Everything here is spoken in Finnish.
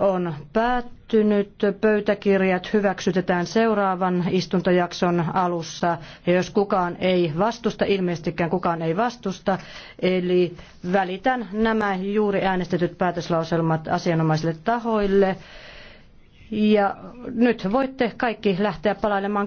on päättynyt. Pöytäkirjat hyväksytetään seuraavan istuntojakson alussa. Ja jos kukaan ei vastusta, ilmeisestikään kukaan ei vastusta, eli välitän nämä juuri äänestetyt päätöslauselmat asianomaisille tahoille. Ja nyt voitte kaikki lähteä palailemaan